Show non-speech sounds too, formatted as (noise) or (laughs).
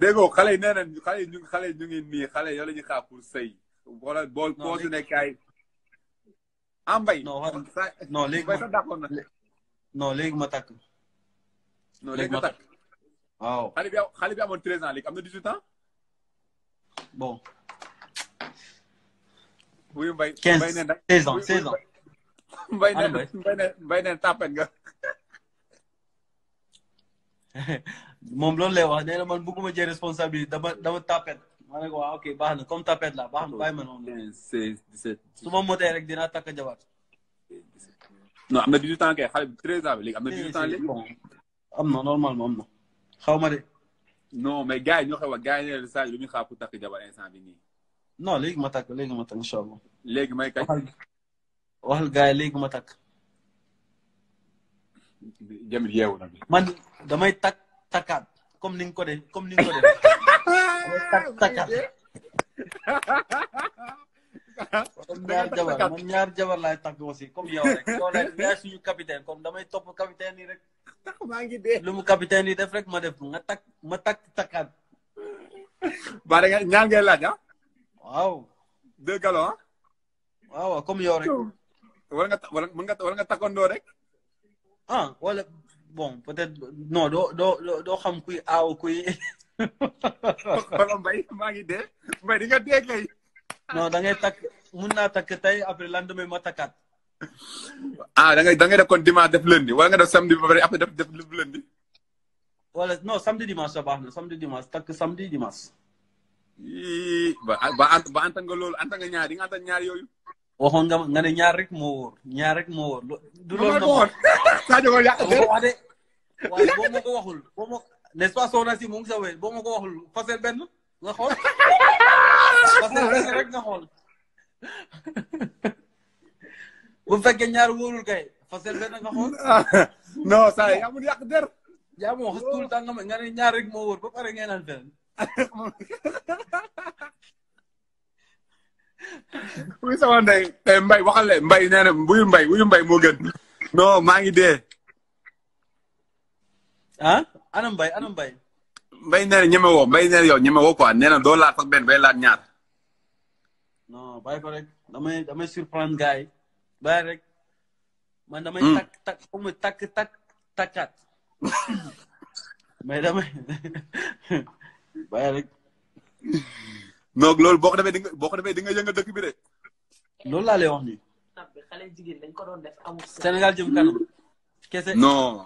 dégg nga xale yi nee nañ xale yi ñu xale yi ñu ngi nii xale yoo la ñu xaar pour sëy. wala boo boo su nekkaay. ah mbay. non léegi ma non léegi ma takk. non léegi ma takk. waaw xale bi xale bi amoon treize ans léegi am na dix-huit ans. bon. wuyu mbay. quinze seize ans seize ans. mbay neen mbay neen tàppat nga. (laughs) moom loolu lay wax nee na man bëgguma jël responsabilité dama dama tapet ma ne ko waaw ok baax na comme tapet la baax na bàyyi ma noonu. su ma motee rek dinaa takk jabaat. am na 18 ans kay bi 13 am na 18 am na normalement am na xaw ma de. non mais gars yi ñoo xam ne gars yi ne saa yi lu muy xaar pour takk jabar instant bi nii. non ma takk léegi ma takk incha allah. léegi may kañ. waxal gars yi léegi ma takk. man damay takk. takkaat comme ni nga ko def comme ni nga ko def (laughs) takkaat comme ñaar jabar laay takk aussi comme yow rek yaay suñu capitaine comme damay topp capitaine yi rek (laughs) maa ngi dee lu mu capitaine yi def rek ma def nga takk ma takk takkaat baa nga ñaar ah? waaw deux galons waaw ah? waaw comme yow rek wala nga takkandoo rek ah wala bon peut-être non doo doo doo xam kuy aaw kuy. E. (laughs) wala mbay maa ngi dee mbay di nga dee kay. non da takk mun naa takk tey après lendemain ma takkaat. ah da ngay da ngay def kon dimanche def lundi wala nga def samedi ba pare après def def lundi. wala non samedi dimanche sa baax na samedi dimanche takk samedi dimanche. ba ba ba ànd nga loolu ànd nga ñaar di nga ànd ñaar yooyu. waxoon nga nga ne ñaar rek moo ñaar rek moo wóor. du loolu moo wóor (laughs) Sadio Mané yàq dëgg (laughs) waaye boo ma ko waxul boo ma n'est-ce pas soxna si mu ngi sa wéy boo ma ko waxul fasel benn nga xool (laughs) fasel benn rek nga xool bu fekkee ñaar wóorul kay fasel benn nga xool. non saa yi amul der. yaa ma wax tout le temps ñaar rek moo wóor ba pare naan fenn. kuy sama ndey tey eh, mbay waxale mbay nee na mbay buyu mbay moo gën non maa ngi dee ah ana mbay ana mbay mbay nee na ñeme mbay nee na yow ñeme woo quoi doo laat sax benn bay laat ñaar non bàyyi ko rek damay boo ko nga boo ko defee di nga dëkk bi de loolu laa lay wax nii. Sénégal jëm kanam. kese non